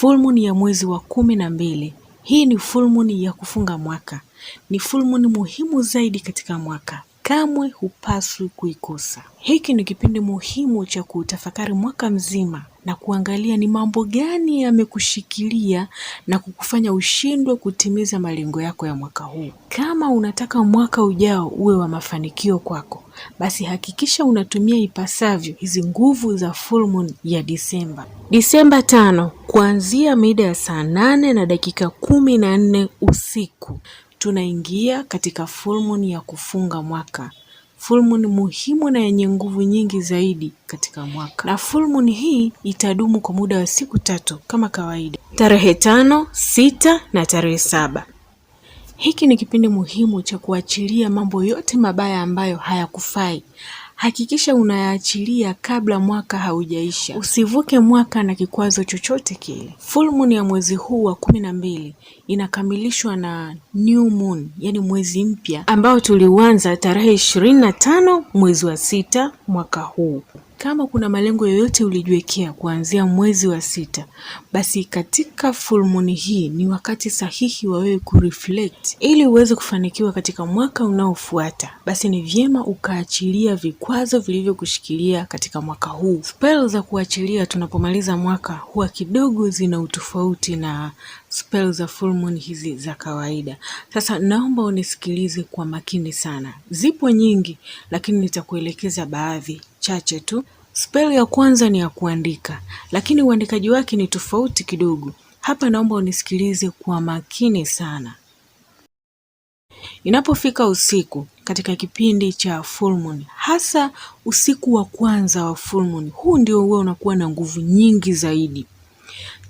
Full moon ya mwezi wa kumi na mbili. Hii ni full moon ya kufunga mwaka, ni full moon muhimu zaidi katika mwaka kamwe hupaswi kuikosa. Hiki ni kipindi muhimu cha kuutafakari mwaka mzima na kuangalia ni mambo gani yamekushikilia na kukufanya ushindwe kutimiza malengo yako ya mwaka huu. Kama unataka mwaka ujao uwe wa mafanikio kwako, basi hakikisha unatumia ipasavyo hizi nguvu za full moon ya Disemba. Disemba tano kuanzia mida ya saa nane na dakika kumi na nne usiku tunaingia katika full moon ya kufunga mwaka. Full moon muhimu na yenye nguvu nyingi zaidi katika mwaka, na full moon hii itadumu kwa muda wa siku tatu kama kawaida, tarehe tano, sita na tarehe saba. Hiki ni kipindi muhimu cha kuachilia mambo yote mabaya ambayo hayakufai Hakikisha unayaachilia kabla mwaka haujaisha. Usivuke mwaka na kikwazo chochote kile. Full moon ya mwezi huu wa kumi na mbili inakamilishwa na new moon, yani mwezi mpya ambao tuliuanza tarehe ishirini na tano mwezi wa sita mwaka huu. Kama kuna malengo yoyote ulijiwekea kuanzia mwezi wa sita, basi katika fulmuni hii ni wakati sahihi wa wewe kureflect ili uweze kufanikiwa katika mwaka unaofuata. Basi ni vyema ukaachilia vikwazo vilivyokushikilia katika mwaka huu. Spell za kuachilia tunapomaliza mwaka huwa kidogo zina utofauti na spell za full moon hizi za kawaida. Sasa naomba unisikilize kwa makini sana, zipo nyingi, lakini nitakuelekeza baadhi chache tu. Spell ya kwanza ni ya kuandika, lakini uandikaji wake ni tofauti kidogo. Hapa naomba unisikilize kwa makini sana. Inapofika usiku katika kipindi cha full moon, hasa usiku wa kwanza wa full moon, huu ndio huwa unakuwa na nguvu nyingi zaidi.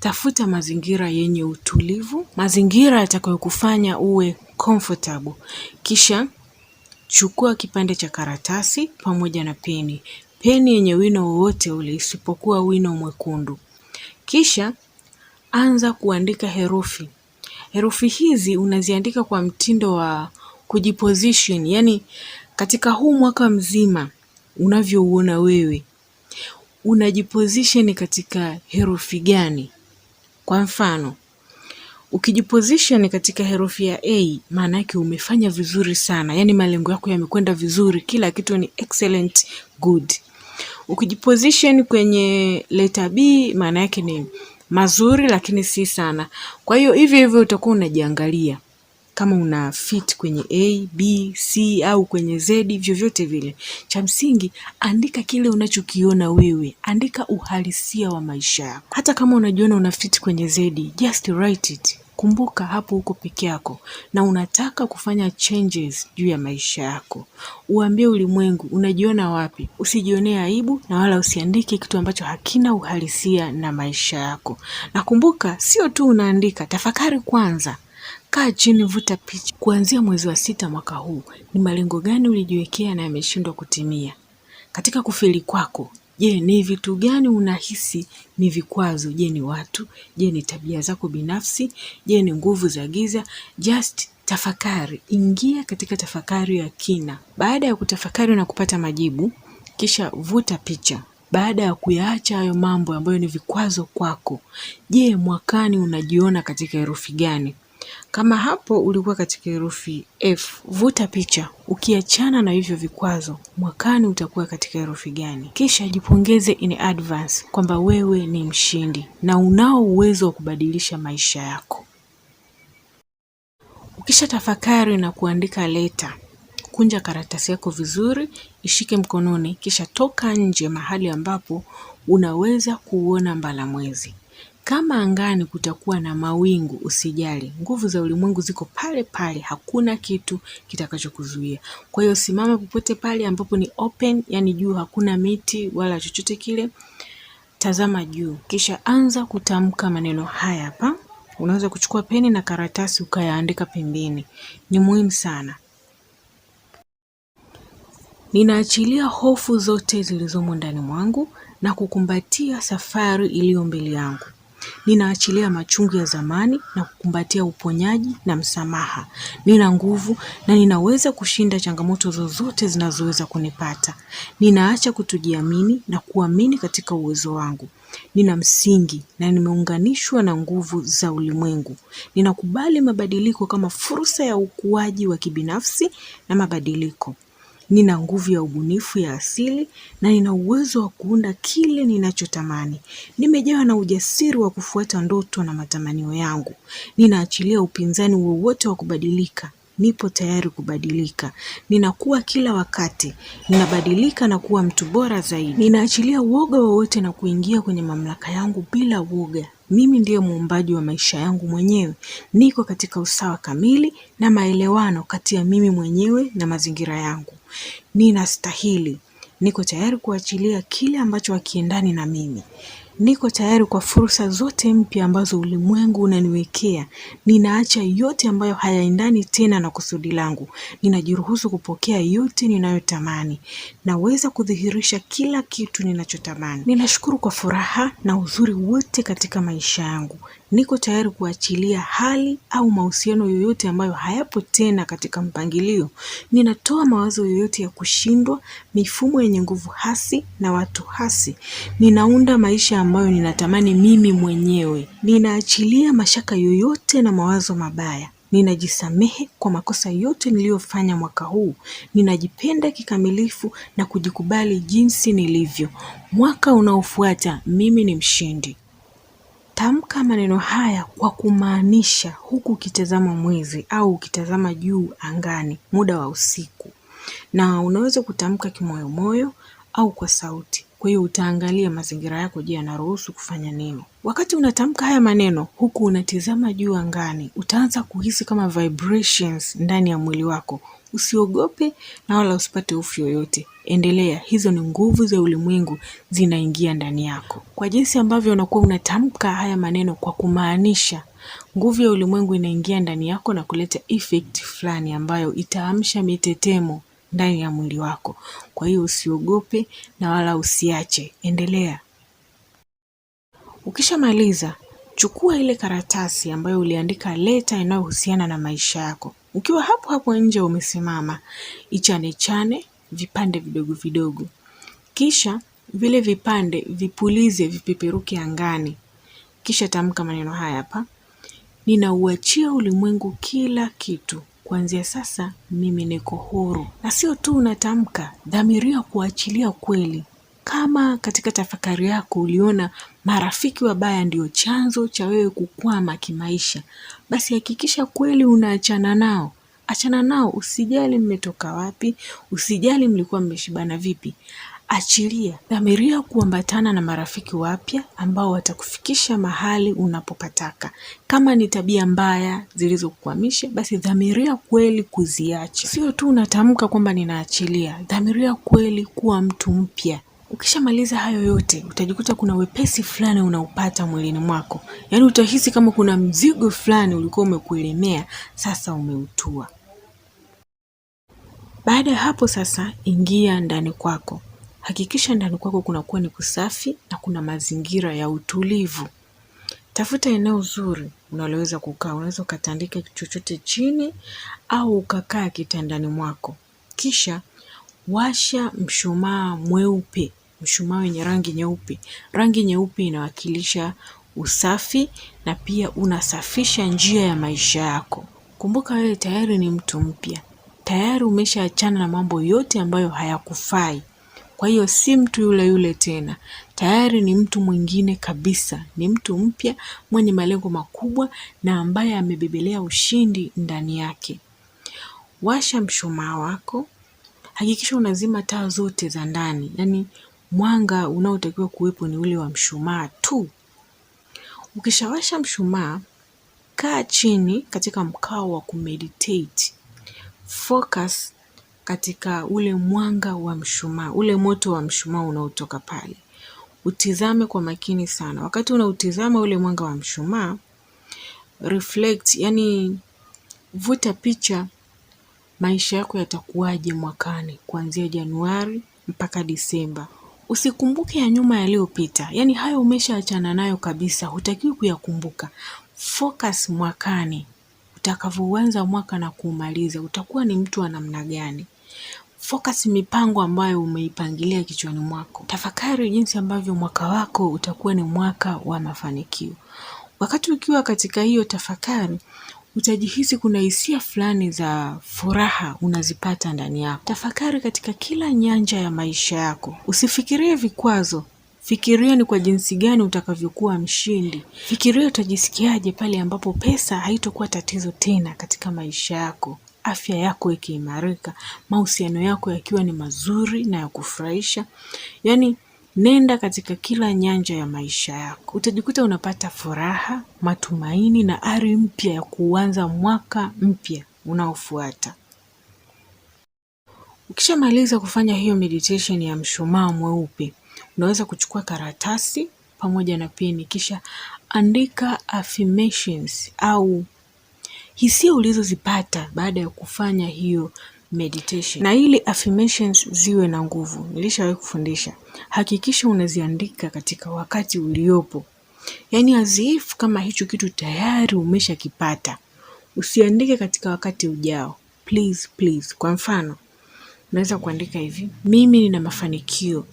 Tafuta mazingira yenye utulivu, mazingira yatakayokufanya uwe comfortable. Kisha chukua kipande cha karatasi pamoja na peni, peni yenye wino wowote ule isipokuwa wino mwekundu. Kisha anza kuandika herufi. Herufi hizi unaziandika kwa mtindo wa kujiposition, yani katika huu mwaka mzima unavyouona wewe unajiposition katika herufi gani? Kwa mfano, ukijiposition katika herufi ya A maana yake umefanya vizuri sana, yaani malengo yako yamekwenda vizuri, kila kitu ni excellent good. Ukijiposition kwenye leta B maana yake ni mazuri lakini si sana. Kwa hiyo hivyo hivyo utakuwa unajiangalia kama una fit kwenye A, B, C au kwenye Z, vyovyote vile. Cha msingi andika kile unachokiona wewe, andika uhalisia wa maisha yako. Hata kama unajiona una fit kwenye Z, just write it. Kumbuka hapo uko peke yako na unataka kufanya changes juu ya maisha yako. Uambie ulimwengu unajiona wapi. Usijionee aibu na wala usiandike kitu ambacho hakina uhalisia na maisha yako. Na kumbuka, sio tu unaandika, tafakari kwanza. Kaa chini, vuta picha. Kuanzia mwezi wa sita mwaka huu, ni malengo gani ulijiwekea na yameshindwa kutimia? Katika kufeli kwako, je, ni vitu gani unahisi ni vikwazo? Je, ni watu? Je, ni tabia zako binafsi? Je, ni nguvu za giza? Just tafakari, ingia katika tafakari ya kina. Baada ya kutafakari na kupata majibu, kisha vuta picha. Baada ya kuyaacha hayo mambo ambayo ni vikwazo kwako, je, mwakani unajiona katika herufi gani? Kama hapo ulikuwa katika herufi F, vuta picha. Ukiachana na hivyo vikwazo, mwakani utakuwa katika herufi gani? Kisha jipongeze in advance kwamba wewe ni mshindi na unao uwezo wa kubadilisha maisha yako. Ukisha tafakari na kuandika leta, kunja karatasi yako vizuri, ishike mkononi, kisha toka nje mahali ambapo unaweza kuona mbala mwezi. Kama angani kutakuwa na mawingu usijali, nguvu za ulimwengu ziko pale pale, hakuna kitu kitakachokuzuia. Kwa hiyo simama popote pale ambapo ni open, yani juu hakuna miti wala chochote kile, tazama juu, kisha anza kutamka maneno haya hapa. Unaweza kuchukua peni na karatasi ukayaandika pembeni, ni muhimu sana. Ninaachilia hofu zote zilizomo ndani mwangu na kukumbatia safari iliyo mbele yangu. Ninaachilia machungu ya zamani na kukumbatia uponyaji na msamaha. Nina nguvu na ninaweza kushinda changamoto zozote zinazoweza kunipata. Ninaacha kutojiamini na kuamini katika uwezo wangu. Nina msingi na nimeunganishwa na nguvu za ulimwengu. Ninakubali mabadiliko kama fursa ya ukuaji wa kibinafsi na mabadiliko nina nguvu ya ubunifu ya asili na nina uwezo wa kuunda kile ninachotamani. Nimejawa na ujasiri wa kufuata ndoto na matamanio yangu. Ninaachilia upinzani wowote wa kubadilika. Nipo tayari kubadilika. Ninakuwa kila wakati. Ninabadilika na kuwa mtu bora zaidi. Ninaachilia uoga wowote na kuingia kwenye mamlaka yangu bila woga. Mimi ndiye muumbaji wa maisha yangu mwenyewe. Niko katika usawa kamili na maelewano kati ya mimi mwenyewe na mazingira yangu. Ninastahili. Niko tayari kuachilia kile ambacho hakiendani na mimi. Niko tayari kwa fursa zote mpya ambazo ulimwengu unaniwekea. Ninaacha yote ambayo hayaendani tena na kusudi langu. Ninajiruhusu kupokea yote ninayotamani. Naweza kudhihirisha kila kitu ninachotamani. Ninashukuru kwa furaha na uzuri wote katika maisha yangu niko tayari kuachilia hali au mahusiano yoyote ambayo hayapo tena katika mpangilio. Ninatoa mawazo yoyote ya kushindwa, mifumo yenye nguvu hasi na watu hasi. Ninaunda maisha ambayo ninatamani mimi mwenyewe. Ninaachilia mashaka yoyote na mawazo mabaya. Ninajisamehe kwa makosa yote niliyofanya mwaka huu. Ninajipenda kikamilifu na kujikubali jinsi nilivyo. Mwaka unaofuata mimi ni mshindi. Tamka maneno haya kwa kumaanisha huku ukitazama mwezi au ukitazama juu angani muda wa usiku, na unaweza kutamka kimoyomoyo au kwa sauti. Kwa hiyo utaangalia mazingira yako, je, yanaruhusu kufanya nini? Wakati unatamka haya maneno huku unatizama juu angani, utaanza kuhisi kama vibrations ndani ya mwili wako. Usiogope na wala usipate hofu yoyote. Endelea, hizo ni nguvu za ulimwengu zinaingia ndani yako. Kwa jinsi ambavyo unakuwa unatamka haya maneno kwa kumaanisha, nguvu ya ulimwengu inaingia ndani yako na kuleta effect fulani ambayo itaamsha mitetemo ndani ya mwili wako. Kwa hiyo usiogope na wala usiache, endelea. Ukishamaliza, chukua ile karatasi ambayo uliandika leta inayohusiana na maisha yako. Ukiwa hapo hapo nje umesimama, ichane chane vipande vidogo vidogo, kisha vile vipande vipulize, vipeperuke angani, kisha tamka maneno haya hapa: ninauachia ulimwengu kila kitu kuanzia sasa mimi niko huru. Na sio tu unatamka, dhamiria kuachilia kweli. Kama katika tafakari yako uliona marafiki wabaya ndio chanzo cha wewe kukwama kimaisha, basi hakikisha kweli unaachana nao. Achana nao, usijali mmetoka wapi, usijali mlikuwa mmeshibana vipi. Achilia, dhamiria kuambatana na marafiki wapya ambao watakufikisha mahali unapopataka. Kama ni tabia mbaya zilizokukwamisha, basi dhamiria kweli kuziacha. Sio tu unatamka kwamba ninaachilia, dhamiria kweli kuwa mtu mpya. Ukishamaliza hayo yote, utajikuta kuna wepesi fulani unaupata mwilini mwako, yaani utahisi kama kuna mzigo fulani ulikuwa umekuelemea, sasa umeutua. Baada ya hapo sasa, ingia ndani kwako. Hakikisha ndani kwako kunakuwa ni kusafi na kuna mazingira ya utulivu. Tafuta eneo zuri unaloweza kukaa. Unaweza ukatandika chochote chini au ukakaa kitandani mwako. Kisha washa mshumaa mweupe, mshumaa wenye rangi nyeupe. Rangi nyeupe inawakilisha usafi na pia unasafisha njia ya maisha yako. Kumbuka wewe tayari ni mtu mpya, tayari umeshaachana na mambo yote ambayo hayakufai. Kwa hiyo si mtu yule yule tena, tayari ni mtu mwingine kabisa, ni mtu mpya mwenye malengo makubwa na ambaye amebebelea ushindi ndani yake. Washa mshumaa wako, hakikisha unazima taa zote za ndani, yaani mwanga unaotakiwa kuwepo ni ule wa mshumaa tu. Ukishawasha mshumaa, kaa chini katika mkao wa kumeditate. Focus katika ule mwanga wa mshumaa, ule moto wa mshumaa unaotoka pale. Utizame kwa makini sana. Wakati unautizama ule mwanga wa mshumaa, reflect, yani vuta picha maisha yako yatakuwaje mwakani kuanzia Januari mpaka Disemba. Usikumbuke ya nyuma yaliyopita, yani hayo umeshaachana nayo kabisa, hutakiwi kuyakumbuka. Focus mwakani, utakavyoanza mwaka na kuumaliza, utakuwa ni mtu wa namna gani? Focus mipango ambayo umeipangilia kichwani mwako. Tafakari jinsi ambavyo mwaka wako utakuwa ni mwaka wa mafanikio. Wakati ukiwa katika hiyo tafakari, utajihisi kuna hisia fulani za furaha unazipata ndani yako. Tafakari katika kila nyanja ya maisha yako. Usifikirie vikwazo, fikiria ni kwa jinsi gani utakavyokuwa mshindi. Fikiria utajisikiaje pale ambapo pesa haitokuwa tatizo tena katika maisha yako afya yako ikiimarika, mahusiano yako yakiwa ni mazuri na ya kufurahisha. Yaani nenda katika kila nyanja ya maisha yako, utajikuta unapata furaha, matumaini na ari mpya ya kuanza mwaka mpya unaofuata. Ukishamaliza kufanya hiyo meditation ya mshumaa mweupe, unaweza kuchukua karatasi pamoja na peni, kisha andika affirmations au hisia ulizozipata baada ya kufanya hiyo meditation. Na ili affirmations ziwe na nguvu, nilishawahi kufundisha, hakikisha unaziandika katika wakati uliopo, yaani azifu kama hicho kitu tayari umeshakipata, usiandike katika wakati ujao. Please, please. Kwa mfano naweza kuandika hivi: mimi nina mafanikio,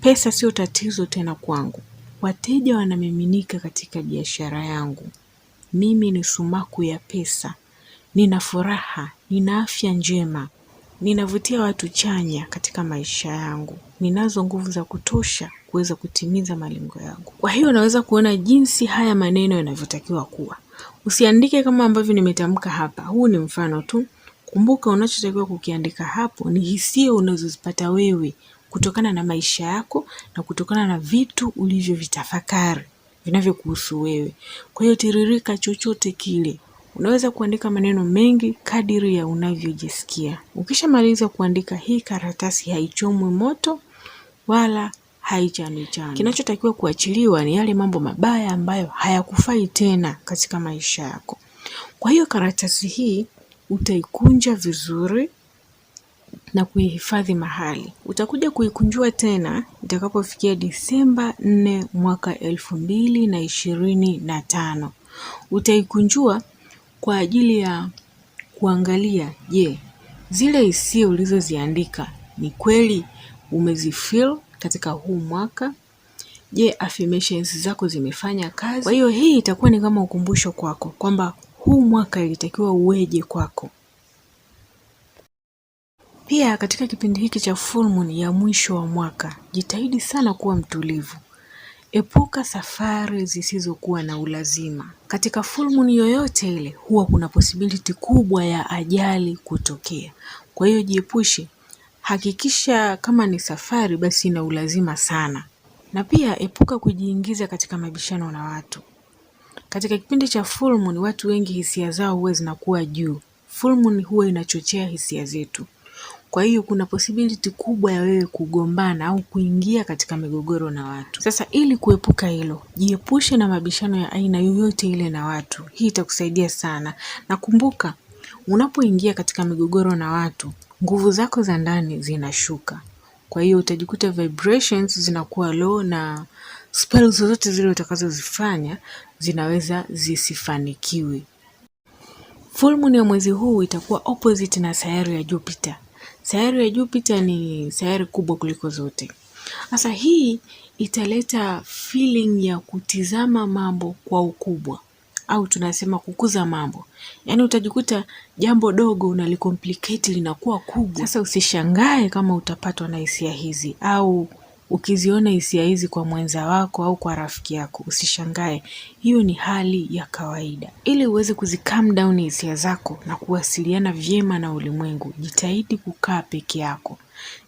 pesa sio tatizo tena kwangu, wateja wanamiminika katika biashara yangu. Mimi ni sumaku ya pesa. Nina furaha, nina afya njema, ninavutia watu chanya katika maisha yangu, ninazo nguvu za kutosha kuweza kutimiza malengo yangu. Kwa hiyo unaweza kuona jinsi haya maneno yanavyotakiwa kuwa. Usiandike kama ambavyo nimetamka hapa, huu ni mfano tu. Kumbuka unachotakiwa kukiandika hapo ni hisia unazozipata wewe kutokana na maisha yako na kutokana na vitu ulivyovitafakari vinavyokuhusu wewe. Kwa hiyo tiririka chochote kile, unaweza kuandika maneno mengi kadiri ya unavyojisikia. Ukishamaliza kuandika, hii karatasi haichomwi moto wala haichanichani. Kinachotakiwa kuachiliwa ni yale mambo mabaya ambayo hayakufai tena katika maisha yako. Kwa hiyo karatasi hii utaikunja vizuri na kuihifadhi mahali. Utakuja kuikunjua tena itakapofikia Disemba 4 mwaka elfu mbili na ishirini na tano. Utaikunjua kwa ajili ya kuangalia, je, zile hisia ulizoziandika ni kweli umezifeel katika huu mwaka? Je, affirmations zako zimefanya kazi? Kwa hiyo hii itakuwa ni kama ukumbusho kwako kwamba huu mwaka ilitakiwa uweje kwako. Pia katika kipindi hiki cha full moon ya mwisho wa mwaka, jitahidi sana kuwa mtulivu. Epuka safari zisizokuwa na ulazima. Katika full moon yoyote ile, huwa kuna possibility kubwa ya ajali kutokea. Kwa hiyo jiepushe, hakikisha kama ni safari basi ina ulazima sana, na pia epuka kujiingiza katika mabishano na watu. Katika kipindi cha full moon, watu wengi hisia zao huwa zinakuwa juu. Full moon huwa inachochea hisia zetu. Kwa hiyo kuna possibility kubwa ya wewe kugombana au kuingia katika migogoro na watu. Sasa ili kuepuka hilo, jiepushe na mabishano ya aina yoyote ile na watu. Hii itakusaidia sana, na kumbuka unapoingia katika migogoro na watu, nguvu zako za ndani zinashuka. Kwa hiyo utajikuta vibrations zinakuwa low na spells zozote zile utakazozifanya zinaweza zisifanikiwe. Full moon ya mwezi huu itakuwa opposite na sayari ya Jupiter sayari ya Jupiter ni sayari kubwa kuliko zote. Sasa hii italeta feeling ya kutizama mambo kwa ukubwa au tunasema kukuza mambo, yaani utajikuta jambo dogo unalikompliketi linakuwa kubwa. Sasa usishangae kama utapatwa na hisia hizi au Ukiziona hisia hizi kwa mwenza wako au kwa rafiki yako usishangae, hiyo ni hali ya kawaida. Ili uweze kuzicalm down hisia zako na kuwasiliana vyema na ulimwengu, jitahidi kukaa peke yako.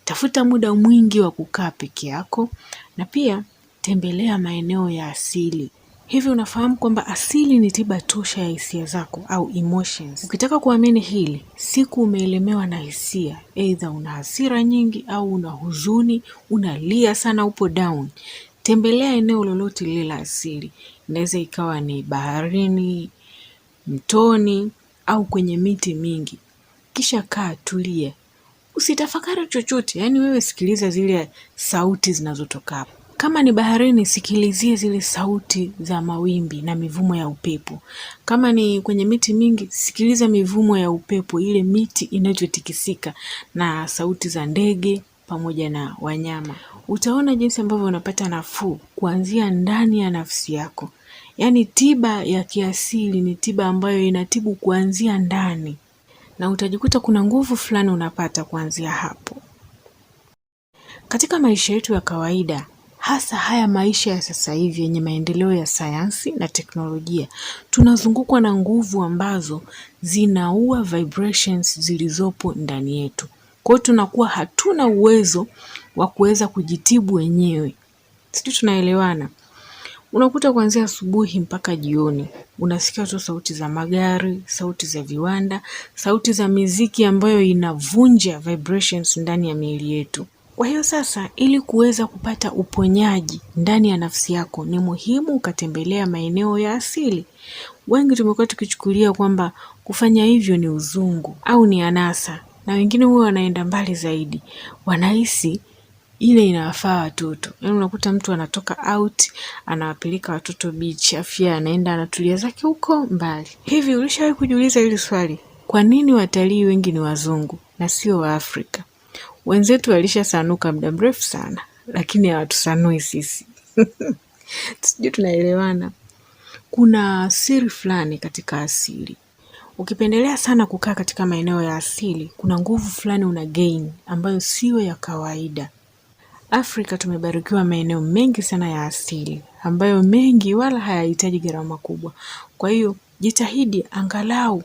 Tafuta muda mwingi wa kukaa peke yako na pia tembelea maeneo ya asili Hivi unafahamu kwamba asili ni tiba tosha ya hisia zako au emotions? Ukitaka kuamini hili, siku umeelemewa na hisia, aidha una hasira nyingi au una huzuni, unalia sana, upo down, tembelea eneo lolote lile la asili. Inaweza ikawa ni baharini, mtoni au kwenye miti mingi, kisha kaa, tulia, usitafakari chochote. Yaani wewe sikiliza zile sauti zinazotoka hapo. Kama ni baharini, sikilizie zile sauti za mawimbi na mivumo ya upepo. Kama ni kwenye miti mingi, sikiliza mivumo ya upepo, ile miti inavyotikisika na sauti za ndege pamoja na wanyama. Utaona jinsi ambavyo unapata nafuu kuanzia ndani ya nafsi yako. Yaani tiba ya kiasili ni tiba ambayo inatibu kuanzia ndani, na utajikuta kuna nguvu fulani unapata kuanzia hapo. Katika maisha yetu ya kawaida hasa haya maisha ya sasa hivi yenye maendeleo ya sayansi na teknolojia, tunazungukwa na nguvu ambazo zinaua vibrations zilizopo ndani yetu. Kwa hiyo tunakuwa hatuna uwezo wa kuweza kujitibu wenyewe. Sijui tunaelewana? Unakuta kuanzia asubuhi mpaka jioni unasikia tu sauti za magari, sauti za viwanda, sauti za miziki ambayo inavunja vibrations ndani ya miili yetu. Kwa hiyo sasa, ili kuweza kupata uponyaji ndani ya nafsi yako ni muhimu ukatembelea maeneo ya asili. Wengi tumekuwa tukichukulia kwamba kufanya hivyo ni uzungu au ni anasa, na wengine huwa wanaenda mbali zaidi, wanahisi ile inawafaa watoto. Yaani unakuta mtu anatoka out anawapeleka watoto bichi, afya anaenda anatulia zake huko mbali. Hivi ulishawahi kujiuliza hili swali, kwa nini watalii wengi ni wazungu na sio Waafrika? Wenzetu walishasanuka muda mrefu sana, lakini hawatusanui sisi. Sijui tunaelewana. Kuna siri fulani katika asili. Ukipendelea sana kukaa katika maeneo ya asili, kuna nguvu fulani una gain ambayo siyo ya kawaida. Afrika tumebarikiwa maeneo mengi sana ya asili ambayo mengi wala hayahitaji gharama kubwa. Kwa hiyo jitahidi angalau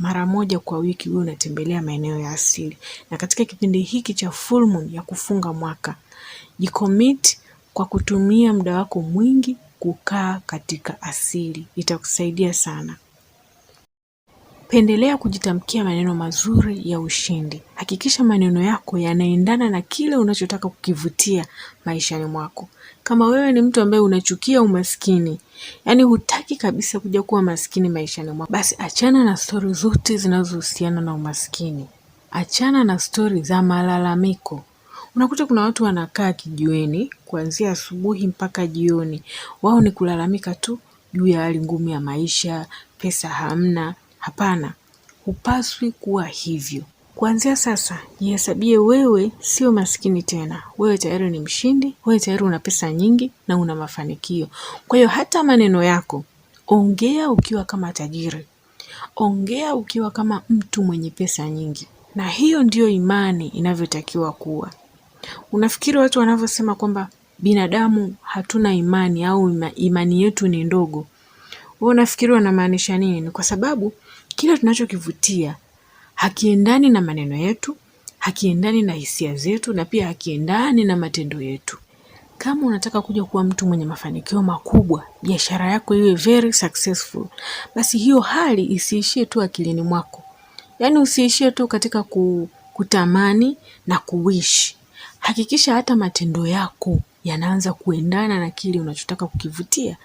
mara moja kwa wiki huwa unatembelea maeneo ya asili, na katika kipindi hiki cha full moon ya kufunga mwaka, jikomit kwa kutumia muda wako mwingi kukaa katika asili, itakusaidia sana. Pendelea kujitamkia maneno mazuri ya ushindi. Hakikisha maneno yako yanaendana na kile unachotaka kukivutia maishani mwako kama wewe ni mtu ambaye unachukia umaskini, yaani hutaki kabisa kuja kuwa maskini maishani mwako, basi achana na stori zote zinazohusiana na umaskini, achana na stori za malalamiko. Unakuta kuna watu wanakaa kijiweni kuanzia asubuhi mpaka jioni, wao ni kulalamika tu juu ya hali ngumu ya maisha, pesa hamna. Hapana, hupaswi kuwa hivyo. Kuanzia sasa jihesabie wewe sio maskini tena. Wewe tayari ni mshindi, wewe tayari una pesa nyingi na una mafanikio. Kwa hiyo hata maneno yako ongea ukiwa kama tajiri, ongea ukiwa kama mtu mwenye pesa nyingi, na hiyo ndiyo imani inavyotakiwa kuwa. Unafikiri watu wanavyosema kwamba binadamu hatuna imani au ima, imani yetu ni ndogo, wewe unafikiri wanamaanisha nini? Ni kwa sababu kila tunachokivutia hakiendani na maneno yetu, hakiendani na hisia zetu, na pia hakiendani na matendo yetu. Kama unataka kuja kuwa mtu mwenye mafanikio makubwa, biashara yako iwe very successful, basi hiyo hali isiishie tu akilini mwako, yaani usiishie tu katika kutamani na kuwishi. Hakikisha hata matendo yako yanaanza kuendana na kile unachotaka kukivutia.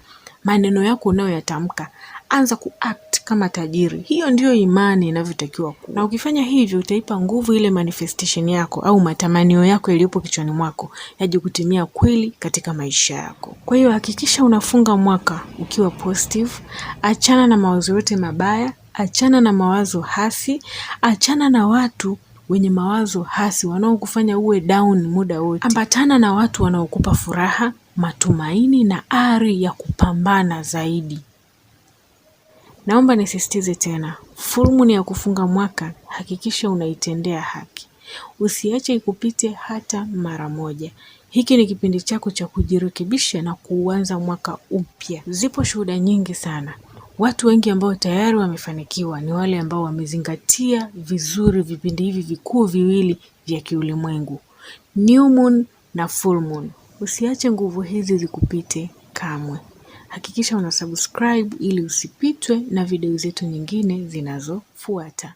Maneno yako unayoyatamka anza kuact kama tajiri. Hiyo ndiyo imani inavyotakiwa kuwa, na ukifanya hivyo utaipa nguvu ile manifestation yako au matamanio yako yaliyopo kichwani mwako yaje kutimia kweli katika maisha yako. Kwa hiyo hakikisha unafunga mwaka ukiwa positive, achana na mawazo yote mabaya, achana na mawazo hasi, achana na watu wenye mawazo hasi wanaokufanya uwe down muda wote. Ambatana na watu wanaokupa furaha, matumaini na ari ya kupambana zaidi. Naomba nisisitize tena, fulmuni ya kufunga mwaka hakikisha unaitendea haki, usiache ikupite hata mara moja. Hiki ni kipindi chako cha kujirekebisha na kuuanza mwaka upya. Zipo shuhuda nyingi sana. Watu wengi ambao tayari wamefanikiwa ni wale ambao wamezingatia vizuri vipindi hivi vikuu viwili vya kiulimwengu, new moon na full moon. Usiache nguvu hizi zikupite kamwe. Hakikisha una subscribe ili usipitwe na video zetu nyingine zinazofuata.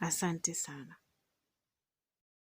Asante sana.